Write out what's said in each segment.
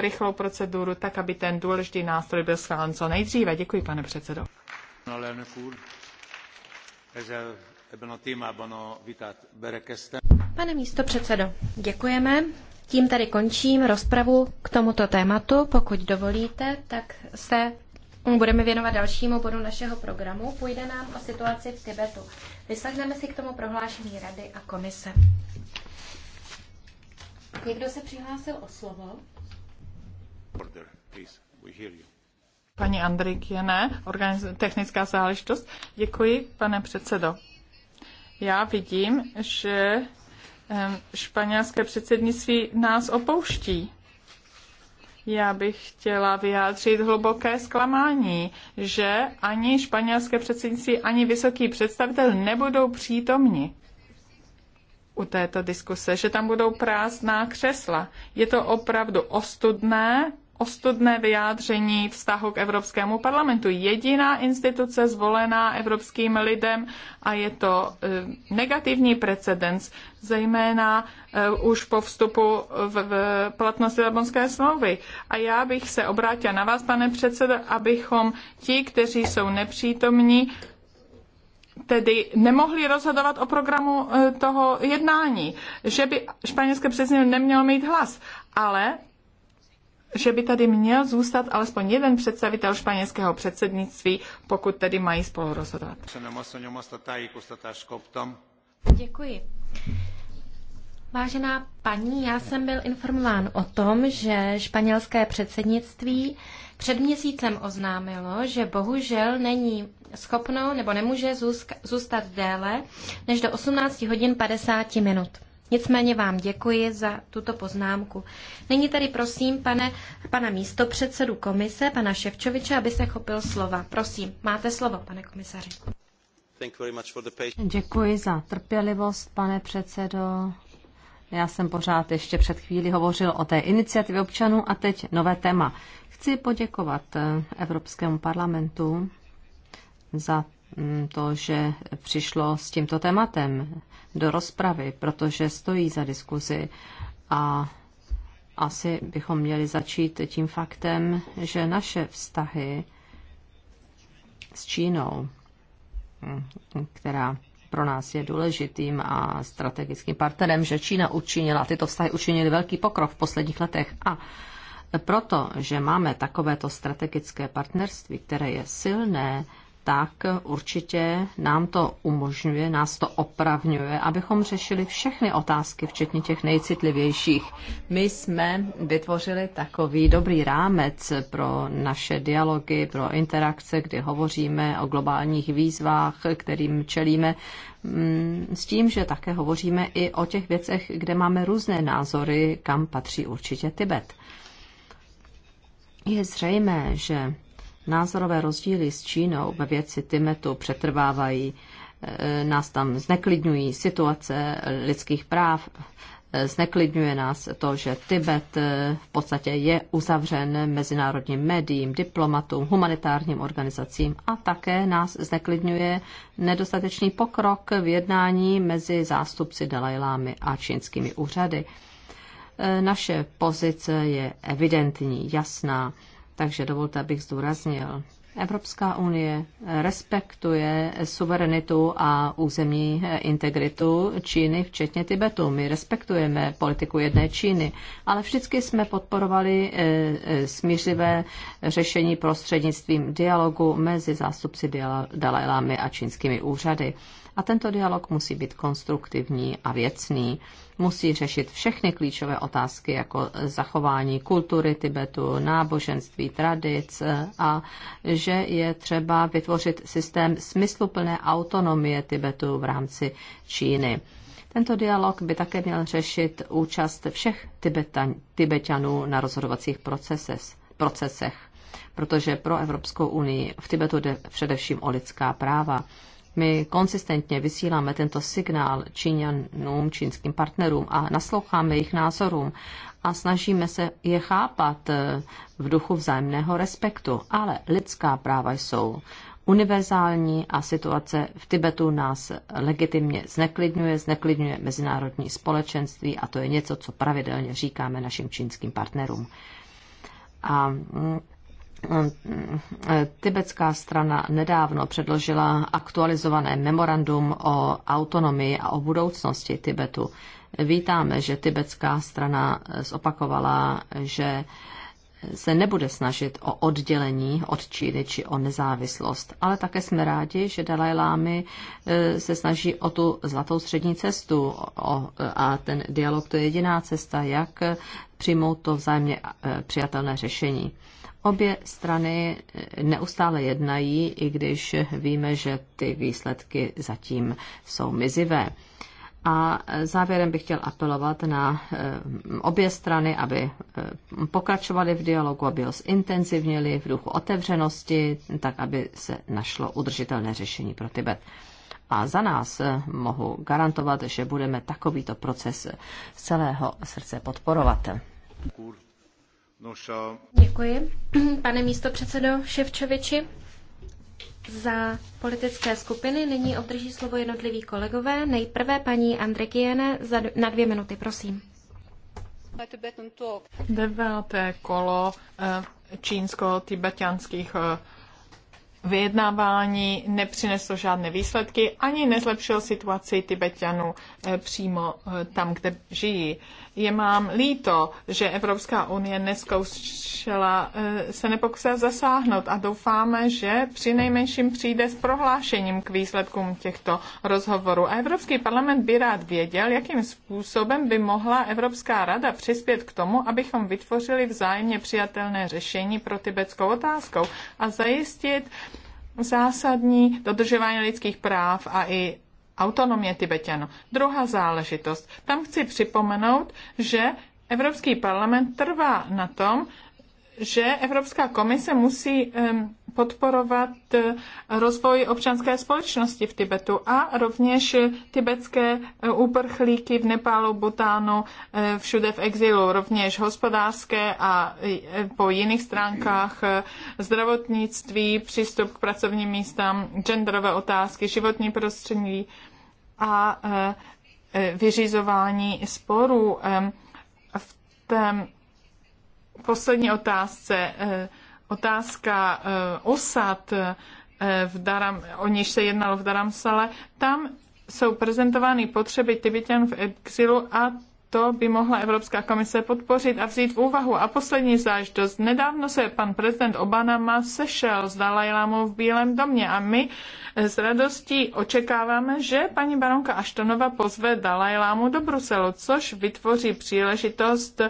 rychlou proceduru, tak aby ten důležitý nástroj byl schválen co nejdříve. Děkuji, pane předsedo. No, pane místo předsedo, děkujeme. Tím tady končím rozpravu k tomuto tématu. Pokud dovolíte, tak se budeme věnovat dalšímu bodu našeho programu. Půjde nám o situaci v Tibetu. Vyslechneme si k tomu prohlášení Rady a komise. Někdo se přihlásil o slovo? Paní Andrik organiz- technická záležitost. Děkuji, pane předsedo. Já vidím, že španělské předsednictví nás opouští. Já bych chtěla vyjádřit hluboké zklamání, že ani španělské předsednictví, ani vysoký představitel nebudou přítomni u této diskuse, že tam budou prázdná křesla. Je to opravdu ostudné ostudné vyjádření vztahu k Evropskému parlamentu. Jediná instituce zvolená evropským lidem a je to eh, negativní precedens, zejména eh, už po vstupu v, v platnosti Lisabonské smlouvy. A já bych se obrátila na vás, pane předsedo, abychom ti, kteří jsou nepřítomní, tedy nemohli rozhodovat o programu eh, toho jednání, že by španělské předsednictví nemělo mít hlas. Ale že by tady měl zůstat alespoň jeden představitel španělského předsednictví, pokud tedy mají spolu rozhodovat. Děkuji. Vážená paní, já jsem byl informován o tom, že španělské předsednictví před měsícem oznámilo, že bohužel není schopno nebo nemůže zůstat déle než do 18 hodin 50 minut. Nicméně vám děkuji za tuto poznámku. Nyní tady prosím pane, pana místopředsedu komise, pana Ševčoviče, aby se chopil slova. Prosím, máte slovo, pane komisaři. Děkuji za trpělivost, pane předsedo. Já jsem pořád ještě před chvílí hovořil o té iniciativě občanů a teď nové téma. Chci poděkovat eh, Evropskému parlamentu za Mm, to, že přišlo s tímto tématem do rozpravy, protože stojí za diskuzi a asi bychom měli začít tím faktem, že naše vztahy s Čínou, mm, která pro nás je důležitým a strategickým partnerem, že Čína učinila, tyto vztahy učinily velký pokrok v posledních letech a proto, že máme takovéto strategické partnerství, které je silné, tak určitě nám to umožňuje, nás to opravňuje, abychom řešili všechny otázky, včetně těch nejcitlivějších. My jsme vytvořili takový dobrý rámec pro naše dialogy, pro interakce, kdy hovoříme o globálních výzvách, kterým čelíme, mm, s tím, že také hovoříme i o těch věcech, kde máme různé názory, kam patří určitě Tibet. Je zřejmé, že Názorové rozdíly s Čínou ve věci Timetu přetrvávají, e, nás tam zneklidňují situace lidských práv, e, zneklidňuje nás to, že Tibet e, v podstatě je uzavřen mezinárodním médiím, diplomatům, humanitárním organizacím a také nás zneklidňuje nedostatečný pokrok v jednání mezi zástupci Dalajlámy a čínskými úřady. Naše pozice je evidentní, jasná. Takže dovolte, abych zdůraznil. Evropská unie respektuje suverenitu a územní integritu Číny, včetně Tibetu. My respektujeme politiku jedné Číny, ale vždycky jsme podporovali eh, eh, smířivé řešení prostřednictvím dialogu mezi zástupci Dalajlámy a čínskými úřady. A tento dialog musí být konstruktivní a věcný musí řešit všechny klíčové otázky, jako zachování kultury Tibetu, náboženství, tradic a že je třeba vytvořit systém smysluplné autonomie Tibetu v rámci Číny. Tento dialog by také měl řešit účast všech Tibetan, Tibetanů na rozhodovacích procesech, protože pro Evropskou unii v Tibetu jde především o lidská práva. My konsistentně vysíláme tento signál Číňanům, čínským partnerům a nasloucháme jejich názorům a snažíme se je chápat eh, v duchu vzájemného respektu. Ale lidská práva jsou univerzální a situace v Tibetu nás legitimně zneklidňuje, zneklidňuje mezinárodní společenství a to je něco, co pravidelně říkáme našim čínským partnerům. A mm, Um, tibetská strana nedávno předložila aktualizované memorandum o autonomii a o budoucnosti Tibetu. Vítáme, že tibetská strana zopakovala, že se nebude snažit o oddělení od Číny či o nezávislost, ale také jsme rádi, že Dalaj Lámy e, se snaží o tu zlatou střední cestu a ten dialog to je jediná cesta, jak přijmout to vzájemně e, přijatelné řešení. Obě strany neustále jednají, i když víme, že ty výsledky zatím jsou mizivé. A závěrem bych chtěl apelovat na eh, obě strany, aby eh, pokračovali v dialogu, aby ho zintenzivnili v duchu otevřenosti, tak aby se našlo udržitelné řešení pro Tibet. A za nás eh, mohu garantovat, že budeme takovýto proces z celého srdce podporovat. Děkuji, pane místo předsedo Ševčoviči za politické skupiny. Nyní obdrží slovo jednotliví kolegové. Nejprve paní Andrekiene na dvě minuty, prosím. Deváté kolo eh, čínsko-tibetanských eh, vyjednávání nepřineslo žádné výsledky ani nezlepšilo situaci Tibetanů eh, přímo tam, kde žijí. Je mám líto, že Evropská unie neskoušela, eh, se nepokusila zasáhnout a doufáme, že při nejmenším přijde s prohlášením k výsledkům těchto rozhovorů. A Evropský parlament by rád věděl, jakým způsobem by mohla Evropská rada přispět k tomu, abychom vytvořili vzájemně přijatelné řešení pro tibetskou otázkou a zajistit zásadní dodržování lidských práv a i autonomie Tibetanů. Druhá záležitost. Tam chci připomenout, že Evropský parlament trvá na tom, že Evropská komise musí podporovat eh, rozvoj občanské společnosti v Tibetu a rovněž tibetské úprchlíky eh, v Nepálu, Butánu, eh, všude v exilu, rovněž hospodářské a po jiných stránkách zdravotnictví, přístup k pracovním místám, genderové otázky, životní prostředí, a e, e, vyřizování sporů. E, v té poslední otázce, otázka osad, v Daram, o níž se jednalo v Daramsale, tam jsou prezentovány potřeby Tibetan v exilu a to by mohla Evropská komise podpořit a vzít v úvahu. A poslední záždost. Nedávno se pan prezident Obama sešel s Dalajlámou v Bílém domě a my s radostí očekáváme, že paní baronka Aštonova pozve Dalajlámu do Bruselu, což vytvoří příležitost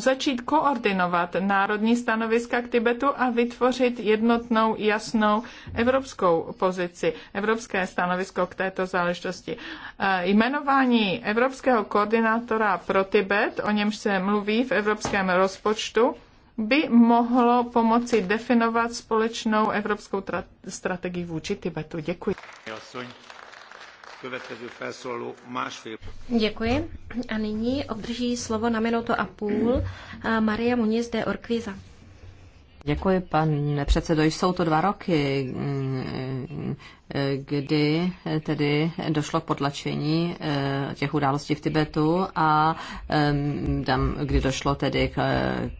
začít koordinovat národní stanoviska k Tibetu a vytvořit jednotnou, jasnou evropskou pozici, evropské stanovisko k této záležitosti. E, jmenování evropského koordinátora pro Tibet, o němž se mluví v evropském rozpočtu, by mohlo pomoci definovat společnou evropskou strategii vůči Tibetu. Děkuji. Děkuji. A nyní obdrží slovo na minutu a půl eh, Maria Muniz de Orquiza. Děkuji, pane předsedo. Jsou to dva roky, kdy tedy došlo k potlačení eh, těch událostí v Tibetu a tam, kdy došlo tedy k,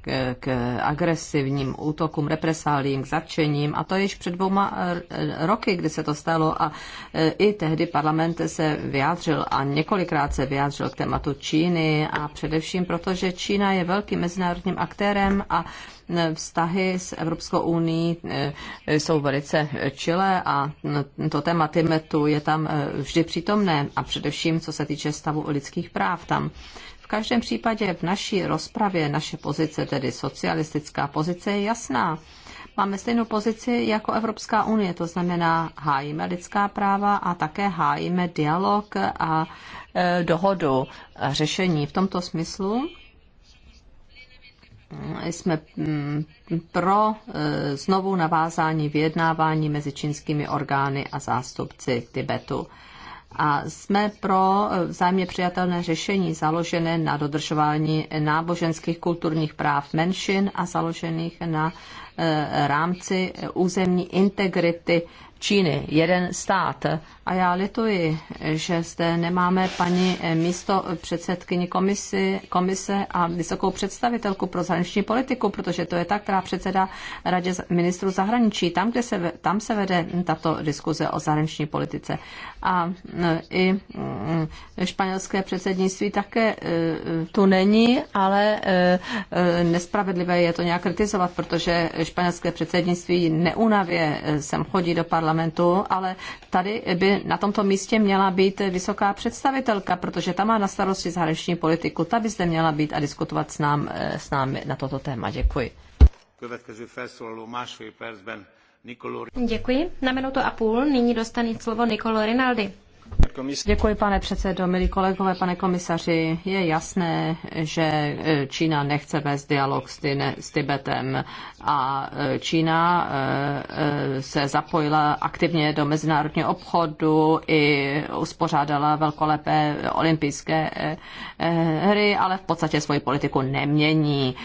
k, k agresivním útokům, represálím, k zatčením. A to již před dvouma eh, roky, kdy se to stalo a eh, i tehdy parlament se vyjádřil a několikrát se vyjádřil k tématu Číny a především proto, že Čína je velkým mezinárodním aktérem a Eh, vztahy s Evropskou unii eh, jsou velice eh, čilé a mm, to téma Tymetu je tam vždy přítomné a především co se týče stavu lidských práv tam. V každém případě v naší rozpravě naše pozice, tedy socialistická pozice, je jasná. Máme stejnou pozici jako Evropská unie, to znamená hájíme lidská práva a také hájíme dialog a e, dohodu a řešení. V tomto smyslu jsme mm, pro e, znovu navázání vyjednávání mezi čínskými orgány a zástupci Tibetu. A jsme pro e, vzájemně přijatelné řešení založené na dodržování náboženských kulturních práv menšin a založených na e, rámci územní integrity Číny, jeden stát. A já lituji, že zde nemáme paní eh, místo předsedkyni komisi, komise a vysokou představitelku pro zahraniční politiku, protože to je ta, která předsedá radě ministrů zahraničí, tam, kde se, tam se vede tato diskuze o zahraniční politice a e, i mm, španělské předsednictví také e, tu není, ale e, nespravedlivé je to nějak kritizovat, protože španělské předsednictví neunavě sem chodí do parlamentu, ale tady by na tomto místě měla být vysoká představitelka, protože ta má na starosti zahraniční politiku, ta by zde měla být a diskutovat s, nám, s námi na toto téma. Děkuji. Következő felszólaló másfél percben Děkuji. Na minutu a půl nyní dostane slovo Nicolo Rinaldi. Děkuji, pane předsedo, milí kolegové, pane komisaři. Je jasné, že eh, Čína nechce vést dialog s, Tine, s Tibetem a eh, Čína eh, se zapojila aktivně do mezinárodního obchodu i uspořádala velkolepé olympijské hry, ale v podstatě svoji politiku nemění.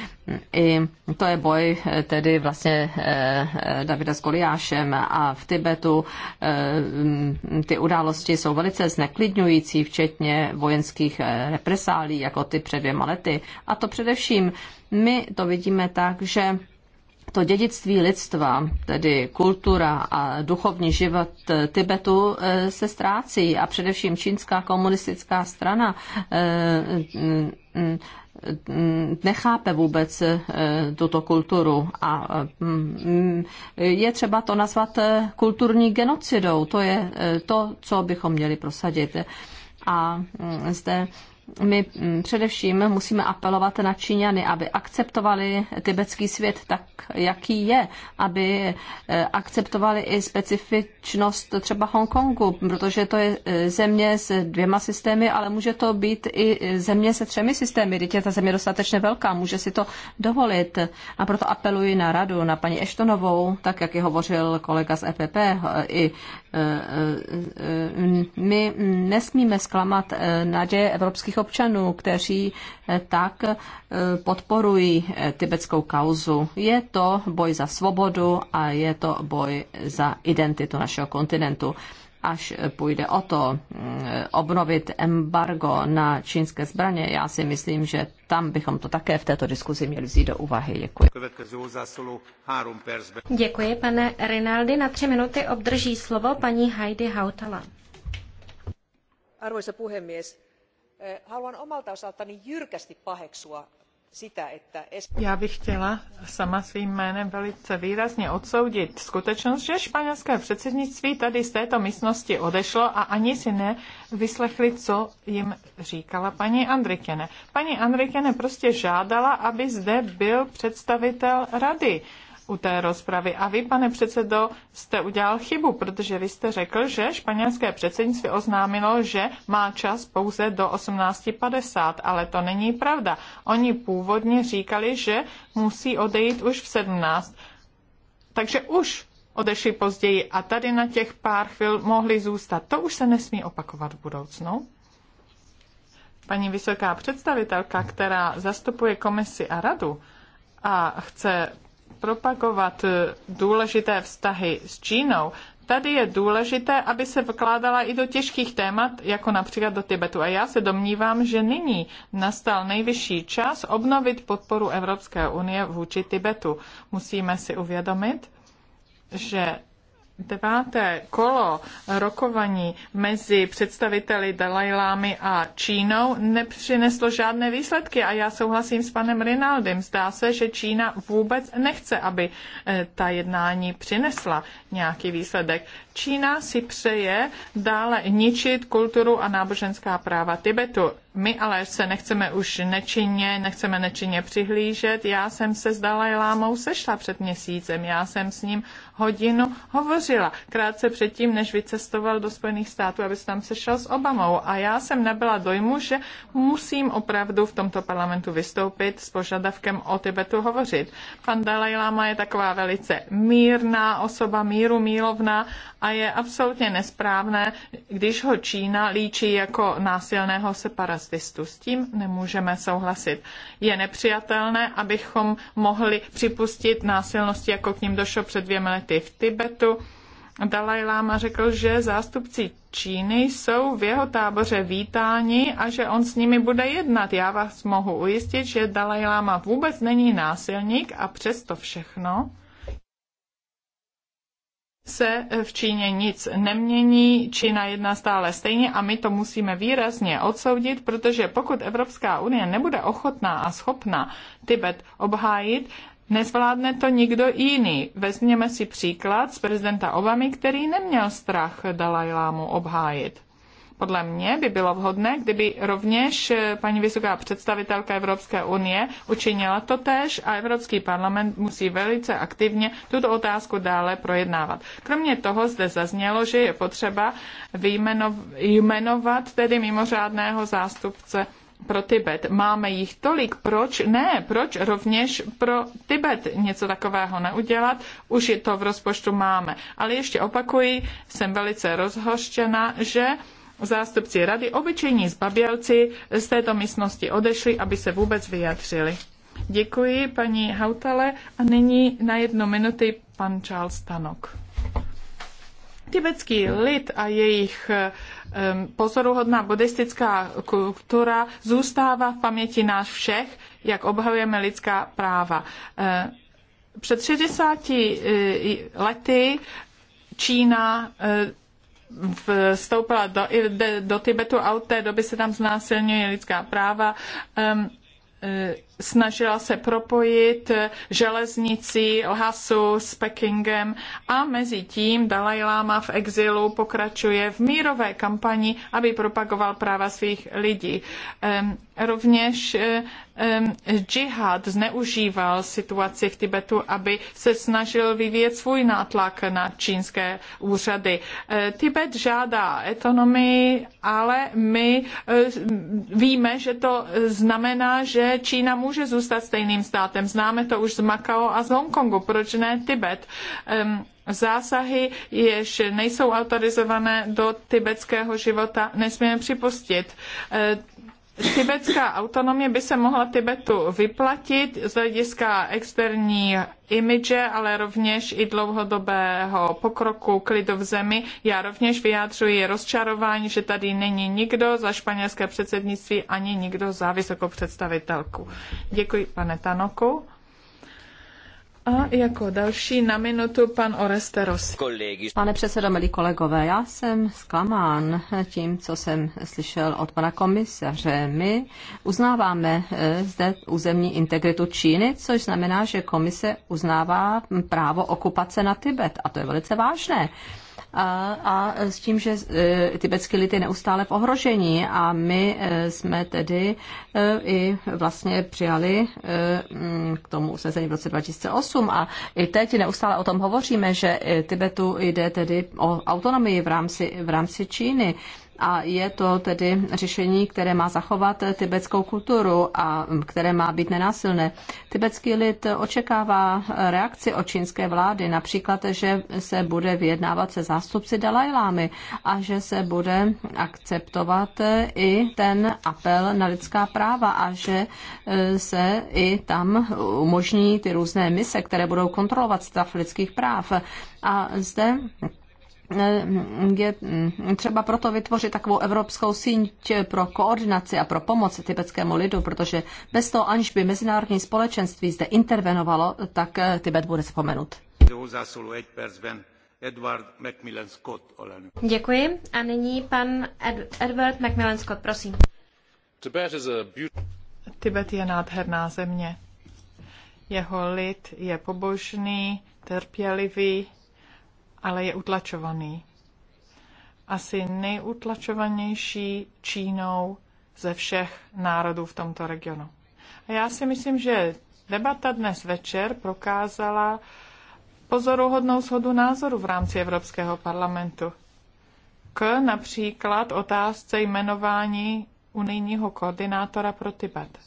I to je boj tedy vlastně Davida s Goliášem a v Tibetu ty události jsou jsou velice zneklidňující, včetně vojenských eh, represálí, jako ty před dvěma lety. A to především my to vidíme tak, že to dědictví lidstva, tedy kultura a duchovní život Tibetu eh, se ztrácí a především čínská komunistická strana eh, nechápe vůbec eh, tuto kulturu a mm, je třeba to nazvat kulturní genocidou. To je to, co bychom měli prosadit. A mm, zde my mm, především musíme apelovat na Číňany, aby akceptovali tibetský svět tak, jaký je, aby e, akceptovali i specifičnost třeba Hongkongu, protože to je e, země s dvěma systémy, ale může to být i e, země se třemi systémy, když je ta země dostatečně velká, může si to dovolit. A proto apeluji na radu, na paní Eštonovou, tak jak je hovořil kolega z EPP, i my nesmíme zklamat naděje evropských občanů, kteří eh, tak eh, podporují eh, tibetskou kauzu. Je to boj za svobodu a je to boj za identitu našeho kontinentu až půjde o to mm, obnovit embargo na čínské zbraně, já si myslím, že tam bychom to také v této diskuzi měli vzít do úvahy. Děkuji. Děkuji, pane Rinaldi. Na tři minuty obdrží slovo paní Heidi Hautala. Arvoisa puhemies, Eh, haluan omalta osaltani jyrkästi paheksua sitä, että... Já bych chtěla sama svým jménem velice výrazně odsoudit skutečnost, že španělské předsednictví tady z této místnosti odešlo a ani si ne co jim říkala paní Andrikene. Paní Andrikene prostě žádala, aby zde byl představitel rady u té rozpravy. A vy, pane předsedo, jste udělal chybu, protože vy jste řekl, že španělské předsednictví oznámilo, že má čas pouze do 18.50, ale to není pravda. Oni původně říkali, že musí odejít už v 17. Takže už odešli později a tady na těch pár chvil mohli zůstat. To už se nesmí opakovat v budoucnu. Paní vysoká představitelka, která zastupuje komisi a radu a chce propagovat eh, důležité vztahy s Čínou, tady je důležité, aby se vkládala i do těžkých témat, jako například do Tibetu. A já se domnívám, že nyní nastal nejvyšší čas obnovit podporu Evropské unie vůči Tibetu. Musíme si uvědomit, že deváté kolo rokovaní mezi představiteli Dalajlámy a Čínou nepřineslo žádné výsledky a já souhlasím s panem Rinaldem. Zdá se, že Čína vůbec nechce, aby eh, ta jednání přinesla nějaký výsledek. Čína si přeje dále ničit kulturu a náboženská práva Tibetu. My ale se nechceme už nečinně, nechceme nečinně přihlížet. Já jsem se s Dalaj Lámou sešla před měsícem, já jsem s ním hodinu hovořila, krátce předtím, než vycestoval do Spojených států, aby se tam sešel s Obamou. A já jsem nebyla dojmu, že musím opravdu v tomto parlamentu vystoupit s požadavkem o Tibetu hovořit. Pan Dalaj je taková velice mírná osoba, míru mílovná a je absolutně nesprávné, když ho Čína líčí jako násilného separatismu účast S tím nemůžeme souhlasit. Je nepřijatelné, abychom mohli připustit násilnosti, jako k ním došlo před dvěma lety v Tibetu. Dalaj Lama řekl, že zástupci Číny jsou v jeho táboře vítáni a že on s nimi bude jednat. Já vás mohu ujistit, že Dalaj Lama vůbec není násilník a přesto všechno se v Číně nic nemění, Čína jedná stále stejně a my to musíme výrazně odsoudit, protože pokud Evropská unie nebude ochotná a schopná Tibet obhájit, Nezvládne to nikdo jiný. Vezměme si příklad z prezidenta Obamy, který neměl strach Dalajlámu obhájit podle mě by bylo vhodné, kdyby rovněž eh, paní vysoká představitelka Evropské unie učinila to tež a Evropský parlament musí velice aktivně tuto otázku dále projednávat. Kromě toho zde zaznělo, že je potřeba vyjmenovat tedy mimořádného zástupce pro Tibet. Máme jich tolik, proč ne? Proč rovněž pro Tibet něco takového neudělat? Už je to v rozpočtu máme. Ale ještě opakuji, jsem velice rozhoštěna, že zástupci rady, obyčejní zbabělci, z této místnosti odešli, aby se vůbec vyjadřili. Děkuji paní Hautale a nyní na jednu minuty pan Charles Tanok. Tibetský lid a jejich pozoruhodná buddhistická kultura zůstává v paměti nás všech, jak obhajujeme lidská práva. Před 60 e, lety Čína e, vstoupila do, do Tibetu a od té doby se tam znásilňují lidská práva. Um, snažila se propojit železnici Lhasu s Pekingem a mezi tím Dalai Lama v exilu pokračuje v mírové kampani, aby propagoval práva svých lidí. Rovněž džihad zneužíval situaci v Tibetu, aby se snažil vyvíjet svůj nátlak na čínské úřady. E, Tibet žádá autonomii, ale my e, víme, že to znamená, že Čína může Může zůstat stejným státem. Známe to už z Makao a z Hongkongu, proč ne Tibet? Um, zásahy, jež nejsou autorizované do tibetského života, nesmíme připustit. Um, Tibetská autonomie by se mohla Tibetu vyplatit z hlediska externí imidže, ale rovněž i dlouhodobého pokroku klidu v zemi. Já rovněž vyjádřuji rozčarování, že tady není nikdo za španělské předsednictví ani nikdo za vysokou představitelku. Děkuji, pane Tanoku. A jako další na minutu pan Oresteros. Pane předsedo, milí kolegové, já jsem zklamán tím, co jsem slyšel od pana komisaře. My uznáváme eh, zde územní integritu Číny, což znamená, že komise uznává právo okupace na Tibet. A to je velice vážné a, a s tím, že e, tibetský lid je neustále v ohrožení a my e, jsme tedy e, i vlastně přijali k tomu usnesení v roce 2008 a i teď neustále o tom hovoříme, že Tibetu jde tedy o autonomii v rámci, v rámci Číny a je to tedy řešení, které má zachovat tibetskou kulturu a které má být nenásilné. Tibetský lid očekává reakci od čínské vlády, například, že se bude vyjednávat se zástupci Dalajlámy a že se bude akceptovat i ten apel na lidská práva a že e, se i tam umožní ty různé mise, které budou kontrolovat stav lidských práv. A zde je mm, třeba proto vytvořit takovou evropskou síť pro koordinaci a pro pomoc tibetskému lidu, protože bez toho, aniž by mezinárodní společenství zde intervenovalo, tak eh, Tibet bude zapomenut. Edward Macmillan Scott. Děkuji. A nyní pan Ed- Edward Macmillan Scott, prosím. Tibet je nádherná země. Jeho lid je pobožný, trpělivý, ale je utlačovaný. Asi nejutlačovanější Čínou ze všech národů v tomto regionu. A já si myslím, že debata dnes večer prokázala pozoruhodnou shodu názoru v rámci Evropského parlamentu. K například otázce jmenování unijního koordinátora pro Tibet.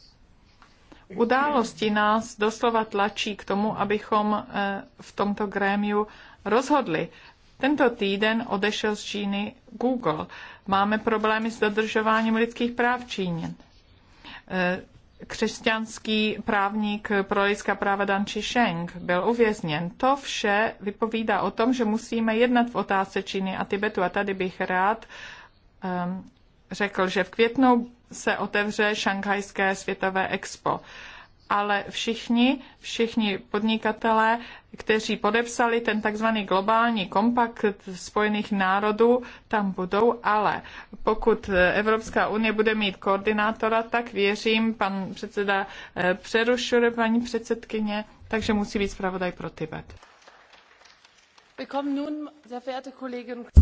Události nás doslova tlačí k tomu, abychom eh, v tomto grémiu rozhodli. Tento týden odešel z Číny Google. Máme problémy s dodržováním lidských práv Číně. E, křesťanský právník pro lidská práva Dan Sheng byl uvězněn. To vše vypovídá o tom, že musíme jednat v otázce Číny a Tibetu. A tady bych rád um, řekl, že v květnu se otevře Šanghajské světové expo ale všichni, všichni podnikatelé, kteří podepsali ten takzvaný globální kompakt Spojených národů, tam budou, ale pokud Evropská unie bude mít koordinátora, tak věřím, pan předseda eh, přerušuje paní předsedkyně, takže musí být zpravodaj pro Tibet.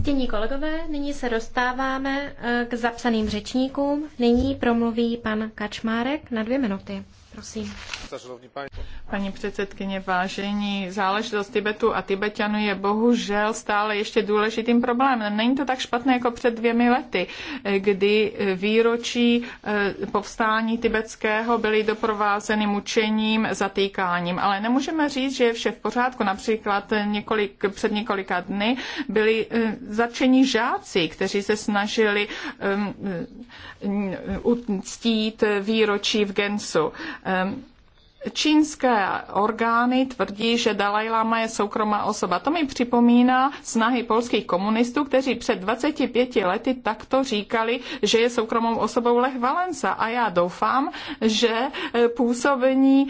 Ctění kolegové, nyní se dostáváme eh, k zapsaným řečníkům. Nyní promluví pan Kačmárek na dvě minuty. Prosím. Paní předsedkyně, vážení, záležitost Tibetu a Tibetanů je bohužel stále ještě důležitým problémem. Není to tak špatné jako před dvěmi lety, kdy výročí eh, povstání tibetského byly doprovázeny mučením, zatýkáním. Ale nemůžeme říct, že je vše v pořádku. Například několik, před několika dny byli eh, zatčeni žáci, kteří se snažili ctít eh, výročí v Gensu. Um, Čínské orgány tvrdí, že Dalaj Lama je soukromá osoba. To mi připomíná snahy polských komunistů, kteří před 25 lety takto říkali, že je soukromou osobou Lech Valensa. A já doufám, že eh, působení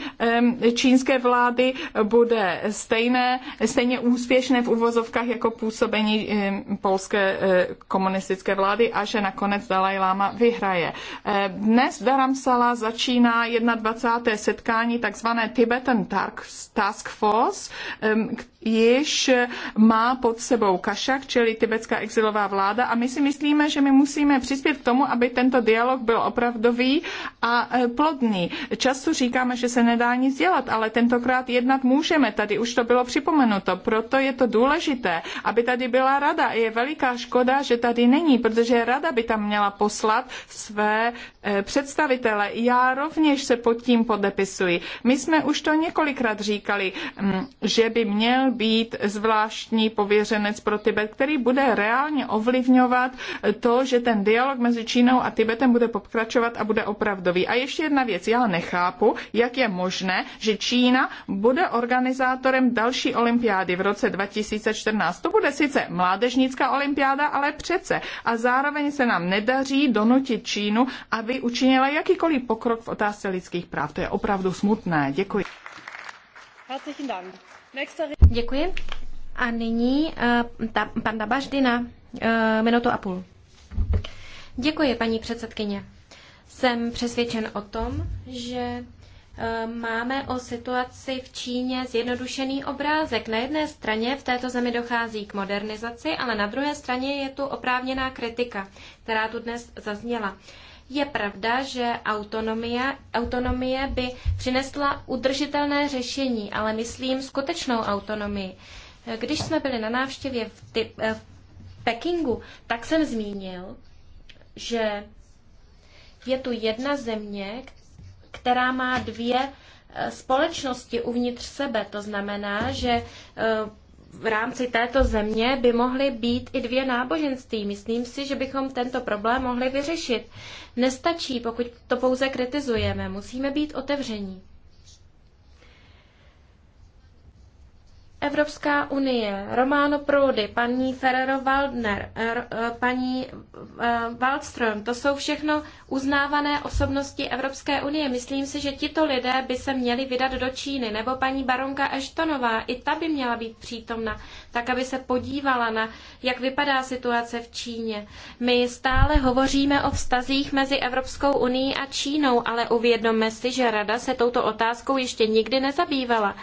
čínské vlády bude stejné, stejně úspěšné v uvozovkách jako působení polské eh, komunistické vlády a že nakonec Dalaj Lama vyhraje. Eh, dnes v Daramsala začíná 21. setkání tzv. Tibetan Task Force, již má pod sebou Kašak, čili tibetská exilová vláda a my si myslíme, že my musíme přispět k tomu, aby tento dialog byl opravdový a e, plodný. Často říkáme, že se nedá nic dělat, ale tentokrát jednat můžeme. Tady už to bylo připomenuto, proto je to důležité, aby tady byla rada. Je veliká škoda, že tady není, protože rada by tam měla poslat své e, představitele. Já rovněž se pod tím podepisuji. My jsme už to několikrát říkali, mm, že by měl být zvláštní pověřenec pro Tibet, který bude reálně ovlivňovat to, že ten dialog mezi Čínou a Tibetem bude pokračovat a bude opravdový. A ještě jedna věc, já nechápu, jak je možné, že Čína bude organizátorem další olympiády v roce 2014. To bude sice mládežnická olympiáda, ale přece. A zároveň se nám nedaří donutit Čínu, aby učinila jakýkoliv pokrok v otázce lidských práv. To je opravdu smutné. Děkuji. Herzlichen Dank. Děkuji. A nyní uh, ta, pan Dabaždina, uh, eh, minutu a půl. Děkuji, paní předsedkyně. Jsem přesvědčen o tom, že eh, máme o situaci v Číně zjednodušený obrázek. Na jedné straně v této zemi dochází k modernizaci, ale na druhé straně je tu oprávněná kritika, která tu dnes zazněla. Je pravda, že autonomie, autonomie by přinesla udržitelné řešení, ale myslím skutečnou autonomii. Když jsme byli na návštěvě v, ty, eh, v Pekingu, tak jsem zmínil, že je tu jedna země, která má dvě eh, společnosti uvnitř sebe. To znamená, že eh, v rámci této země by mohly být i dvě náboženství. Myslím si, že bychom tento problém mohli vyřešit. Nestačí, pokud to pouze kritizujeme. Musíme být otevření. Evropská unie, Romano Prody, paní Ferrero Waldner, eh, eh, paní eh, Waldström, to jsou všechno uznávané osobnosti Evropské unie. Myslím si, že tito lidé by se měli vydat do Číny, nebo paní baronka Eštonová, i ta by měla být přítomna, tak aby se podívala na, jak vypadá situace v Číně. My stále hovoříme o vztazích mezi Evropskou unii a Čínou, ale uvědomme si, že Rada se touto otázkou ještě nikdy nezabývala.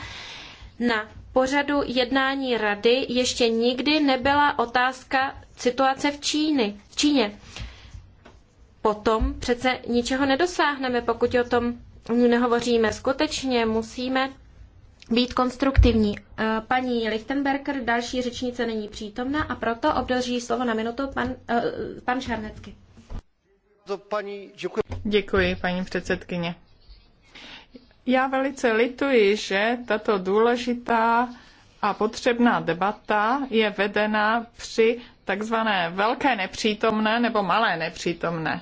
Na pořadu jednání rady ještě nikdy nebyla otázka situace v Číny, Číně. Potom přece ničeho nedosáhneme, pokud o tom nehovoříme. Skutečně musíme být konstruktivní. Eh, paní Lichtenberger, další řečnice není přítomna a proto obdrží slovo na minutu pan, eh, pan Šarnecky. Děkuji, paní předsedkyně. Já velice lituji, že tato důležitá a potřebná debata je vedena při takzvané velké nepřítomné nebo malé nepřítomné.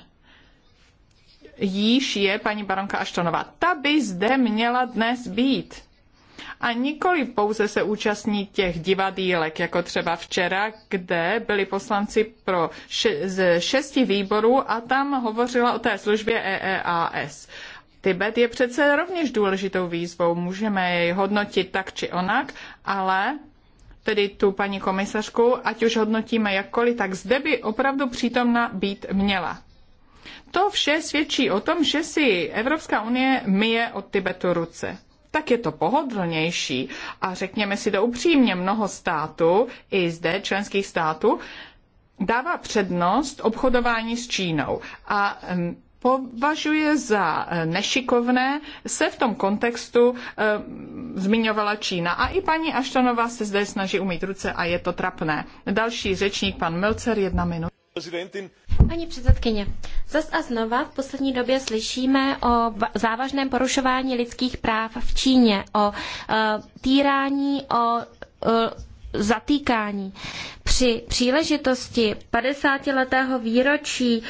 Jíž je paní baronka Aštonová. Ta by zde měla dnes být. A nikoli pouze se účastní těch divadílek, jako třeba včera, kde byli poslanci pro še- z šesti výborů a tam hovořila o té službě EEAS. Tibet je přece rovněž důležitou výzvou. Můžeme jej hodnotit tak či onak, ale tedy tu paní komisařku, ať už hodnotíme jakkoliv, tak zde by opravdu přítomna být měla. To vše svědčí o tom, že si Evropská unie myje od Tibetu ruce. Tak je to pohodlnější a řekněme si to upřímně, mnoho států, i zde členských států, dává přednost obchodování s Čínou. A mm, považuje za eh, nešikovné, se v tom kontextu e, zmiňovala Čína. A i paní Aštonová se zde snaží umít ruce a je to trapné. Další řečník, pan Melcer, jedna minuta. Paní předsedkyně, zas a znova v poslední době slyšíme o závažném porušování lidských práv v Číně, o e, týrání, o e, zatýkání. Při příležitosti 50. letého výročí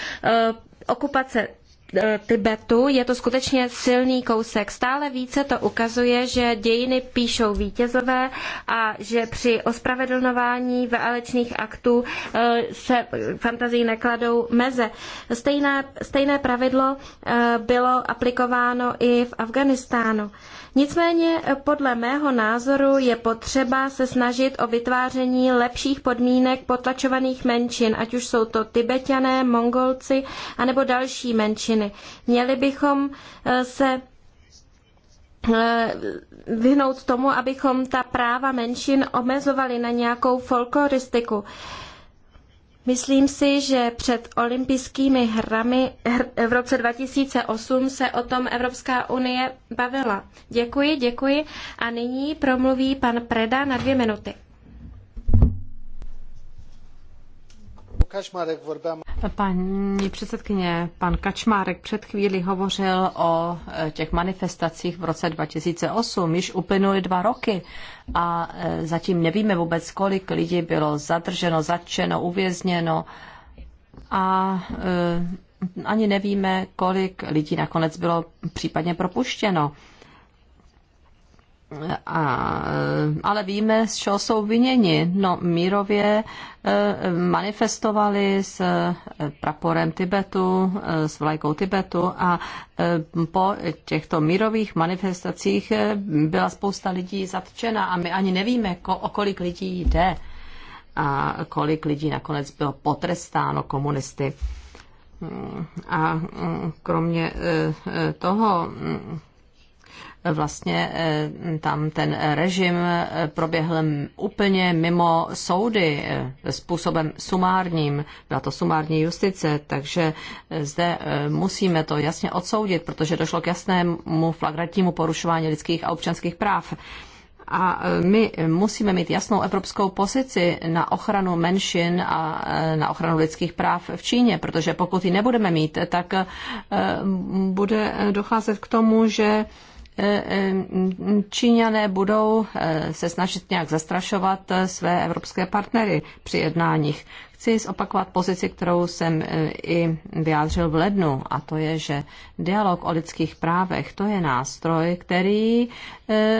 okupace e, Tibetu je to skutečně silný kousek. Stále více to ukazuje, že dějiny píšou vítězové a že při ospravedlňování válečných aktů e, se fantazii nekladou meze. Stejné, stejné pravidlo e, bylo aplikováno i v Afghánistánu. Nicméně eh, podle mého názoru je potřeba se snažit o vytváření lepších podmínek potlačovaných menšin, ať už jsou to tibetané, mongolci anebo další menšiny. Měli bychom eh, se eh, vyhnout tomu, abychom ta práva menšin omezovali na nějakou folkloristiku. Myslím si, že před olympijskými hrami v roce 2008 se o tom Evropská unie bavila. Děkuji, děkuji. A nyní promluví pan Preda na dvě minuty. Paní předsedkyně, pan Kačmárek před chvílí hovořil o e, těch manifestacích v roce 2008. Již uplynuly dva roky a e, zatím nevíme vůbec, kolik lidí bylo zadrženo, zatčeno, uvězněno a e, ani nevíme, kolik lidí nakonec bylo případně propuštěno a, ale víme, z čeho jsou viněni. No, mírově e, manifestovali s e, praporem Tibetu, e, s vlajkou Tibetu a po těchto mírových manifestacích byla spousta lidí zatčena a my ani nevíme, o kolik lidí jde a kolik lidí nakonec bylo potrestáno komunisty. Mm, a mm, kromě toho mm, vlastně eh, tam ten režim eh, proběhl úplně mimo soudy eh, způsobem sumárním. Byla to sumární justice, takže zde musíme to jasně odsoudit, protože došlo k jasnému flagratnímu porušování lidských a občanských práv. A my musíme mít jasnou evropskou pozici na ochranu menšin a na ochranu lidských práv v Číně, protože pokud ji nebudeme mít, tak bude docházet k tomu, že Eh, eh, Číňané budou eh, se snažit nějak zastrašovat své evropské partnery při jednáních. Chci zopakovat pozici, kterou jsem i vyjádřil v lednu, a to je, že dialog o lidských právech to je nástroj, který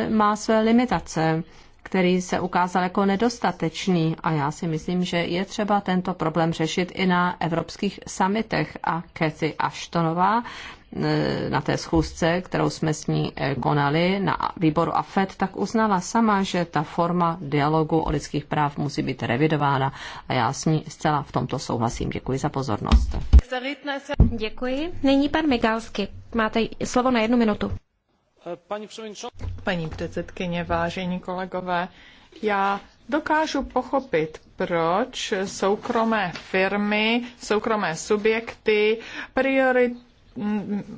má své limitace který se ukázal jako nedostatečný a já si myslím, že je třeba tento problém řešit i na evropských samitech a Cathy Ashtonová E, na té schůzce, kterou jsme s ní e, konali na výboru AFED, tak uznala sama, že ta forma dialogu o lidských práv musí být revidována a já s ní zcela v tomto souhlasím. Děkuji za pozornost. Děkuji. Nyní pan Migalsky. Máte slovo na jednu minutu. Paní předsedkyně, vážení kolegové, já dokážu pochopit, proč soukromé firmy, soukromé subjekty priori,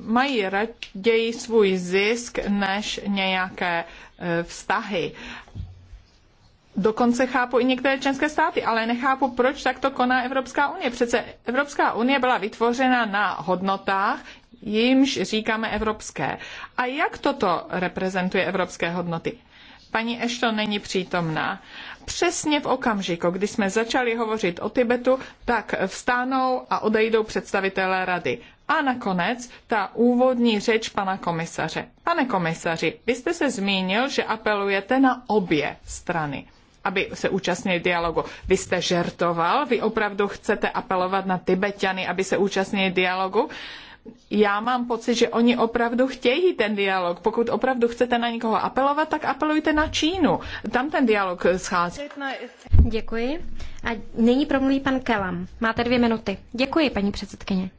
mají raději svůj zisk než nějaké e, vztahy. Dokonce chápu i některé členské státy, ale nechápu, proč takto koná Evropská unie. Přece Evropská unie byla vytvořena na hodnotách, jimž říkáme evropské. A jak toto reprezentuje evropské hodnoty? Paní Ešto není přítomná. Přesně v okamžiku, kdy jsme začali hovořit o Tibetu, tak vstánou a odejdou představitelé rady. A nakonec ta úvodní řeč pana komisaře. Pane komisaři, vy jste se zmínil, že apelujete na obě strany aby se účastnili dialogu. Vy jste žertoval, vy opravdu chcete apelovat na Tibetany, aby se účastnili dialogu. Já mám pocit, že oni opravdu chtějí ten dialog. Pokud opravdu chcete na někoho apelovat, tak apelujte na Čínu. Tam ten dialog schází. Děkuji. A nyní promluví pan Kelam. Máte dvě minuty. Děkuji, paní předsedkyně.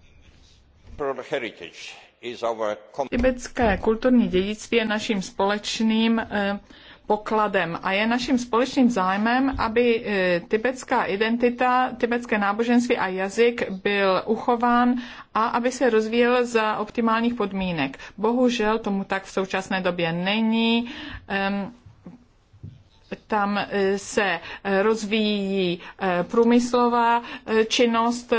Tibetské kulturní dědictví je naším společným eh, pokladem a je naším společným zájmem, aby eh, tibetská identita, tibetské náboženství a jazyk byl uchován a aby se rozvíjel za optimálních podmínek. Bohužel tomu tak v současné době není ehm, tam eh, se rozvíjí průmyslová činnost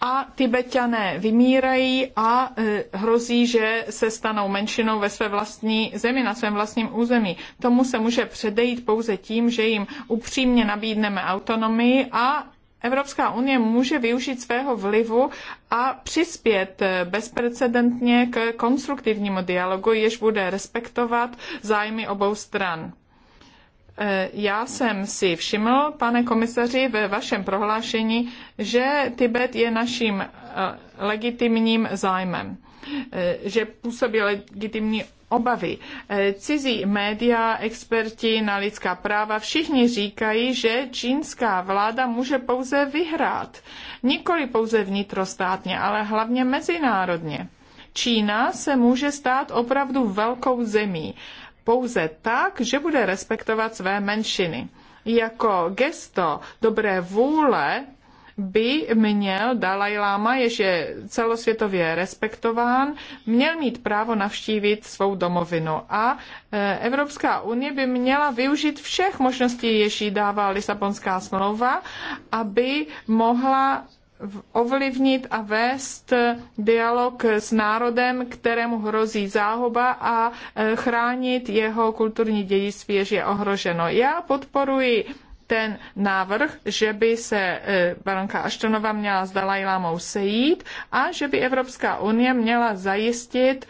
a Tibetané vymírají a e, hrozí, že se stanou menšinou ve své vlastní zemi, na svém vlastním území. Tomu se může předejít pouze tím, že jim upřímně nabídneme autonomii a Evropská unie může využít svého vlivu a přispět e, bezprecedentně k konstruktivnímu dialogu, jež bude respektovat zájmy obou stran. Eh, já jsem si všiml, pane komisaři, ve vašem prohlášení, že Tibet je naším eh, legitimním zájmem, eh, že působí legitimní obavy. Cizí média, experti na lidská práva, všichni říkají, že čínská vláda může pouze vyhrát. Nikoli pouze vnitrostátně, ale hlavně mezinárodně. Čína se může stát opravdu velkou zemí pouze tak, že bude respektovat své menšiny. Jako gesto dobré vůle by měl Dalaj Lama, jež je celosvětově respektován, měl mít právo navštívit svou domovinu. A e, Evropská unie by měla využít všech možností, jež jí dává Lisabonská smlouva, aby mohla ovlivnit a vést dialog s národem, kterému hrozí záhoba a e, chránit jeho kulturní dědictví, jež je ohroženo. Já podporuji ten návrh, že by se e, baronka Aštonova měla s Dalajlámou sejít a že by Evropská unie měla zajistit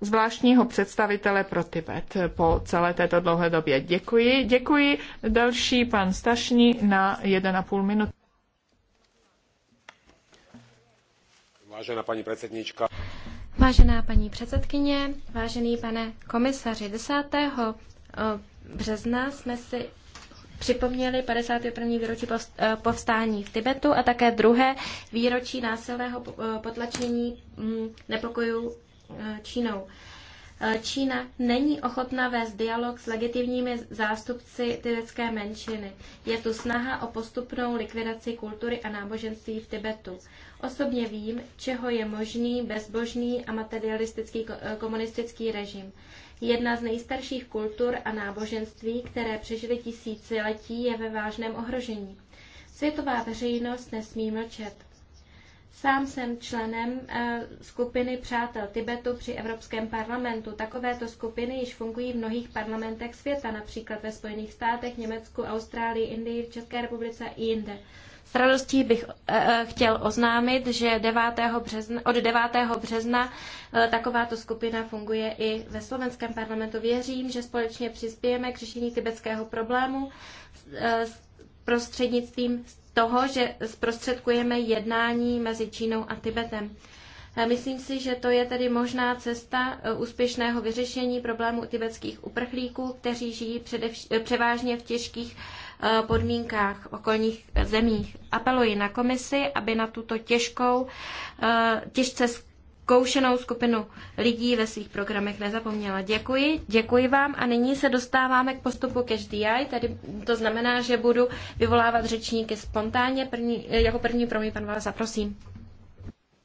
zvláštního představitele pro Tibet po celé této dlouhé době. Děkuji. Děkuji. Další pan Stašní na 1,5 minuty. Vážená paní předsednička. Vážená paní předsedkyně, vážený pane komisaři, 10. Eh, března jsme si připomněli 51. výročí eh, povstání v Tibetu a také druhé výročí násilného eh, potlačení mm, nepokojů Čínou. Eh, Čína není ochotna vést dialog s legitimními zástupci tibetské menšiny. Je tu snaha o postupnou likvidaci kultury a náboženství v Tibetu. Osobně vím, čeho je možný bezbožný a materialistický eh, komunistický režim. Jedna z nejstarších kultur a náboženství, které přežily tisíciletí, je ve vážném ohrožení. Světová veřejnost nesmí mlčet. Sám jsem členem eh, skupiny Přátel Tibetu při Evropském parlamentu. Takovéto skupiny již fungují v mnohých parlamentech světa, například ve Spojených státech, Německu, Austrálii, Indii, v České republice i jinde. S radostí bych eh, eh, chtěl oznámit, že 9. Března, od 9. března takováto skupina funguje i ve slovenském parlamentu. Věřím, že společně přispějeme k řešení tibetského problému prostřednictvím toho, že zprostředkujeme jednání mezi Čínou a Tibetem. Myslím si, že to je tedy možná cesta e, úspěšného vyřešení problému tibetských uprchlíků, kteří žijí předevš- e, převážně v těžkých e, podmínkách v okolních zemích. Apeluji na komisi, aby na tuto těžkou, těžce zkoušenou skupinu lidí ve svých programech nezapomněla. Děkuji, děkuji vám a nyní se dostáváme k postupu Cash DI, tedy to znamená, že budu vyvolávat řečníky spontánně. První, jako první mě pan Váza, zaprosím.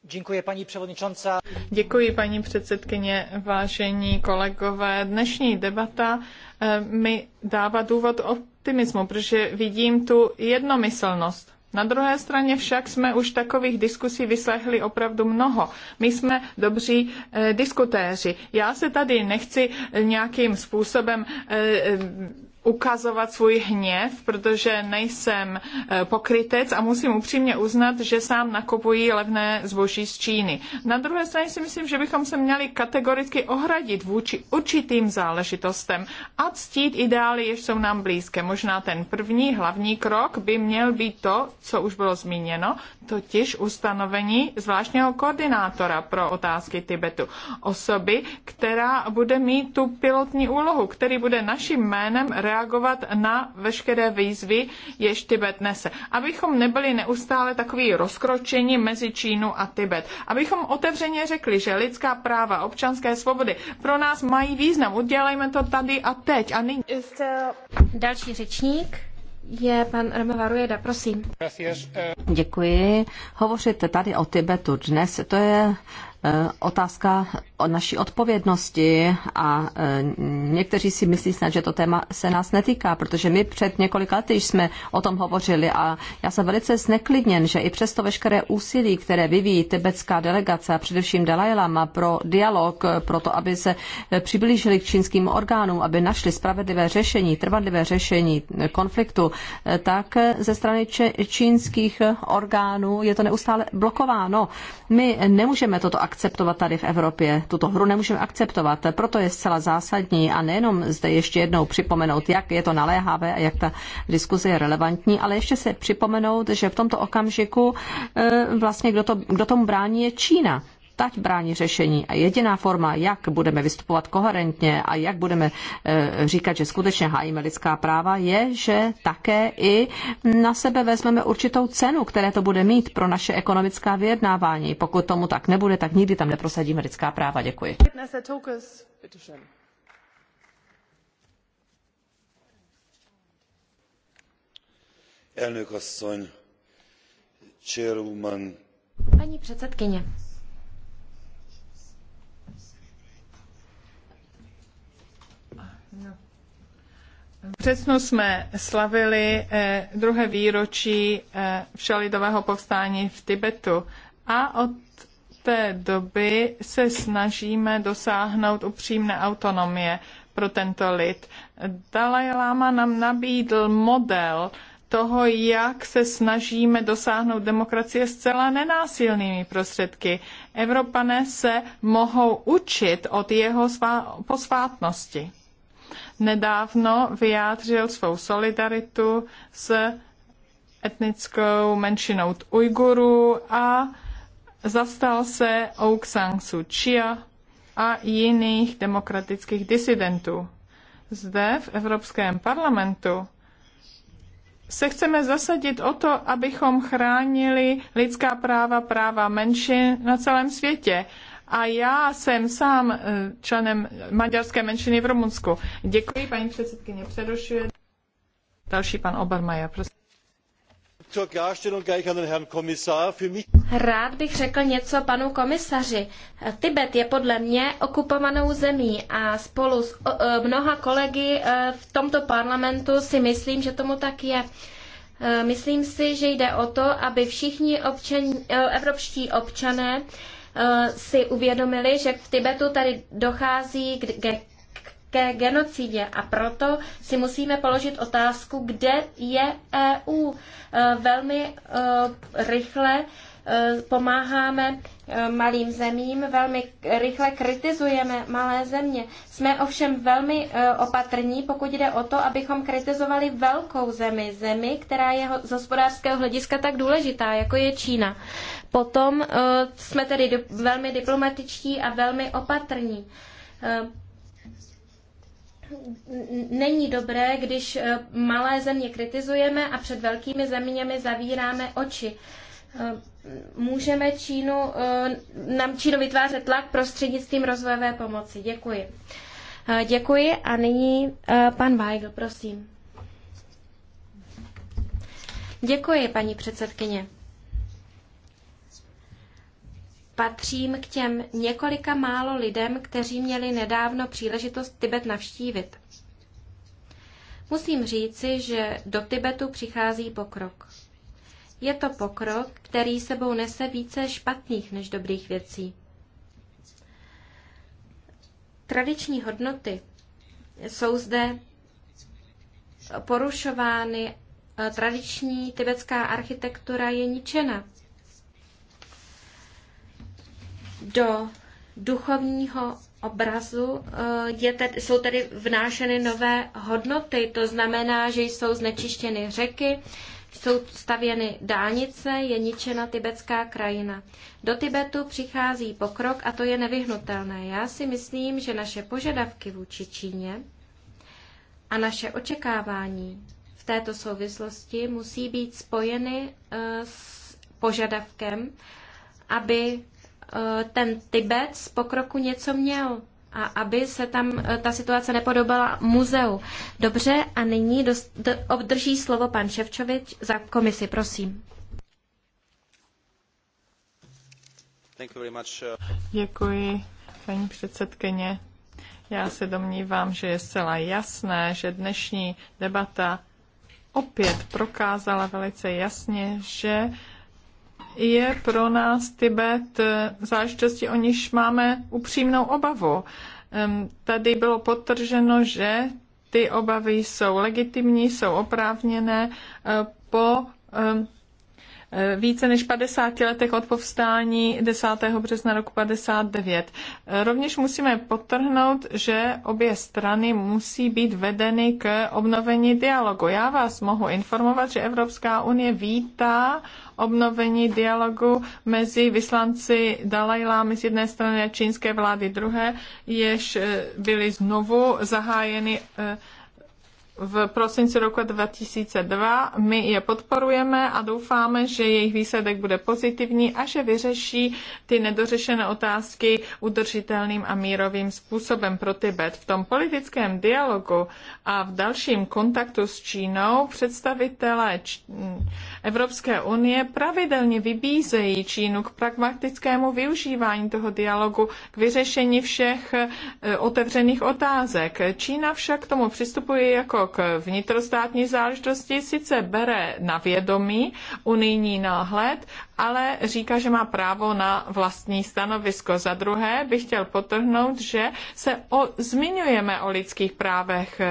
Děkuji paní převodničance. Děkuji paní předsedkyně, vážení kolegové. Dnešní debata eh, mi dává důvod optimismu, protože vidím tu jednomyslnost na druhé straně však jsme už takových diskusí vyslechli opravdu mnoho. My jsme dobří e, diskutéři. Já se tady nechci eh, nějakým způsobem e, ukazovat svůj hněv, protože nejsem eh, pokrytec a musím upřímně uznat, že sám nakupuji levné zboží z Číny. Na druhé straně si myslím, že bychom se měli kategoricky ohradit vůči určitým záležitostem a ctít ideály, jež jsou nám blízké. Možná ten první hlavní krok by měl být to, co už bylo zmíněno, totiž ustanovení zvláštního koordinátora pro otázky Tibetu. Osoby, která bude mít tu pilotní úlohu, který bude naším jménem reagovat na veškeré výzvy, jež Tibet nese. Abychom nebyli neustále takový rozkročení mezi Čínu a Tibet. Abychom otevřeně řekli, že lidská práva, občanské svobody pro nás mají význam. Udělejme to tady a teď a nyní. Další řečník je pan Remeva Rujeda, prosím. Eh. Děkuji. Hovořit tady o Tibetu dnes, to je Eh, otázka o naší odpovědnosti a eh, někteří si myslí snad, že to téma se nás netýká, protože my před několika lety jsme o tom hovořili a já jsem velice zneklidněn, že i přesto veškeré úsilí, které vyvíjí tibetská delegace a především Dalai Lama pro dialog, pro to, aby se eh, přiblížili k čínským orgánům, aby našli spravedlivé řešení, trvanlivé řešení konfliktu, tak ze strany čínských orgánů je to neustále blokováno. My nemůžeme toto akceptovat tady v Evropě. Tuto hru nemůžeme akceptovat. Proto je zcela zásadní a nejenom zde ještě jednou připomenout, jak je to naléhavé a jak ta diskuze je relevantní, ale ještě se připomenout, že v tomto okamžiku eh, vlastně kdo, to, kdo tomu brání je Čína tať brání řešení. A jediná forma, jak budeme vystupovat koherentně a jak budeme eh, říkat, že skutečně hájíme lidská práva, je, že také i na sebe vezmeme určitou cenu, které to bude mít pro naše ekonomická vyjednávání. Pokud tomu tak nebude, tak nikdy tam neprosadíme lidská práva. Děkuji. Paní předsedkyně, V březnu jsme slavili eh, druhé výročí eh, všelidového povstání v Tibetu a od té doby se snažíme dosáhnout upřímné autonomie pro tento lid. Dalai Lama nám nabídl model toho, jak se snažíme dosáhnout demokracie zcela nenásilnými prostředky. Evropané se mohou učit od jeho posvátnosti nedávno vyjádřil svou solidaritu s etnickou menšinou Ujgurů a zastal se Aung San Suu Kyi a jiných demokratických disidentů. Zde v Evropském parlamentu se chceme zasadit o to, abychom chránili lidská práva, práva menšin na celém světě a já jsem sám eh, členem maďarské menšiny v Rumunsku. Děkuji, paní předsedkyně, přerušuje. Další pan Obermajer, prosím. Rád bych řekl něco panu komisaři. Tibet je podle mě okupovanou zemí a spolu s e, mnoha kolegy e, v tomto parlamentu si myslím, že tomu tak je. E, myslím si, že jde o to, aby všichni občan, evropští občané Eh, si uvědomili, že v Tibetu tady dochází k, ke genocidě a proto si musíme položit otázku, kde je EU. Eh, velmi eh, rychle pomáháme malým zemím, velmi rychle kritizujeme malé země. Jsme ovšem velmi opatrní, pokud jde o to, abychom kritizovali velkou zemi, zemi, která je z hospodářského hlediska tak důležitá, jako je Čína. Potom eh, jsme tedy velmi diplomatičtí a velmi opatrní eh, není dobré, když eh, malé země kritizujeme a před velkými zeměmi zavíráme oči. Můžeme Čínu, nám Čínu vytvářet tlak prostřednictvím rozvojové pomoci. Děkuji. Děkuji a nyní pan Weigl, prosím. Děkuji, paní předsedkyně patřím k těm několika málo lidem, kteří měli nedávno příležitost Tibet navštívit. Musím říci, že do Tibetu přichází pokrok. Je to pokrok, který sebou nese více špatných než dobrých věcí. Tradiční hodnoty jsou zde porušovány, eh, tradiční tibetská architektura je ničena. Do duchovního obrazu eh, je tedy, jsou tedy vnášeny nové hodnoty. To znamená, že jsou znečištěny řeky, jsou stavěny dálnice, je ničena tibetská krajina. Do Tibetu přichází pokrok a to je nevyhnutelné. Já si myslím, že naše požadavky vůči Číně a naše očekávání v této souvislosti musí být spojeny eh, s požadavkem, aby Eh, ten Tibet z pokroku něco měl a aby se tam eh, ta situace nepodobala muzeu. Dobře, a nyní dost, obdrží slovo pan Ševčovič za komisi, prosím. Uh, Děkuji, paní předsedkyně. Já se domnívám, že je zcela jasné, že dnešní debata opět prokázala velice jasně, že je pro nás Tibet eh, záležitosti, o níž máme upřímnou obavu. Tady bylo potrženo, že ty obavy jsou legitimní, jsou oprávněné eh, po Eh, více než 50 letech od povstání 10. března roku 59. Eh, rovněž musíme potrhnout, že obě strany musí být vedeny k obnovení dialogu. Já vás mohu informovat, že Evropská unie vítá obnovení dialogu mezi vyslanci Dalajlámy z jedné strany a čínské vlády druhé, jež eh, byly znovu zahájeny v prosinci roku 2002. My je podporujeme a doufáme, že jejich výsledek bude pozitivní a že vyřeší ty nedořešené otázky udržitelným a mírovým způsobem pro Tibet. V tom politickém dialogu a v dalším kontaktu s Čínou představitelé Evropské unie pravidelně vybízejí Čínu k pragmatickému využívání toho dialogu k vyřešení všech eh, otevřených otázek. Čína však k tomu přistupuje jako k vnitrostátní záležitosti sice bere na vědomí unijní náhled, ale říká, že má právo na vlastní stanovisko. Za druhé bych chtěl potrhnout, že se o, zmiňujeme o lidských právech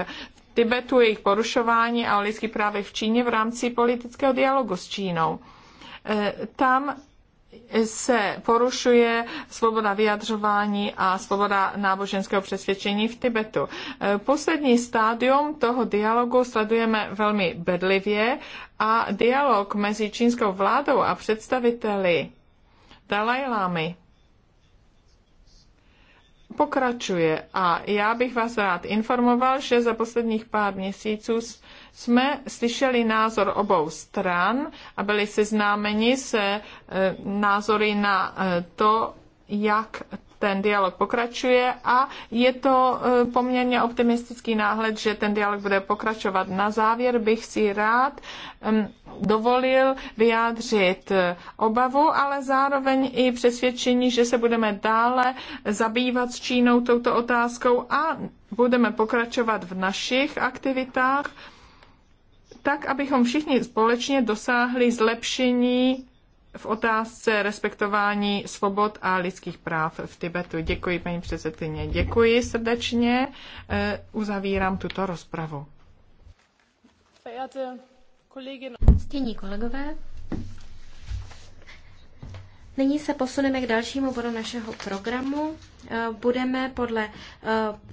v Tibetu, jejich porušování a o lidských právech v Číně v rámci politického dialogu s Čínou. E, tam se porušuje svoboda vyjadřování a svoboda náboženského přesvědčení v Tibetu. E, poslední stádium toho dialogu sledujeme velmi bedlivě a dialog mezi čínskou vládou a představiteli Dalajlámy pokračuje a já bych vás rád informoval, že za posledních pár měsíců jsme slyšeli názor obou stran a byli seznámeni se názory na e, to, jak ten dialog pokračuje a je to e, poměrně optimistický náhled, že ten dialog bude pokračovat. Na závěr bych si rád dovolil vyjádřit e, obavu, ale zároveň i přesvědčení, že se budeme dále zabývat s Čínou touto otázkou a budeme pokračovat v našich aktivitách tak abychom všichni společně dosáhli zlepšení v otázce respektování svobod a lidských práv v Tibetu. Děkuji, paní předsedkyně. Děkuji srdečně. Eh, uzavírám tuto rozpravu. Stění kolegové, Nyní se posuneme k dalšímu bodu našeho programu. Eh, budeme podle eh,